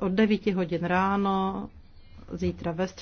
od 9 hodin ráno, zítra ve středu.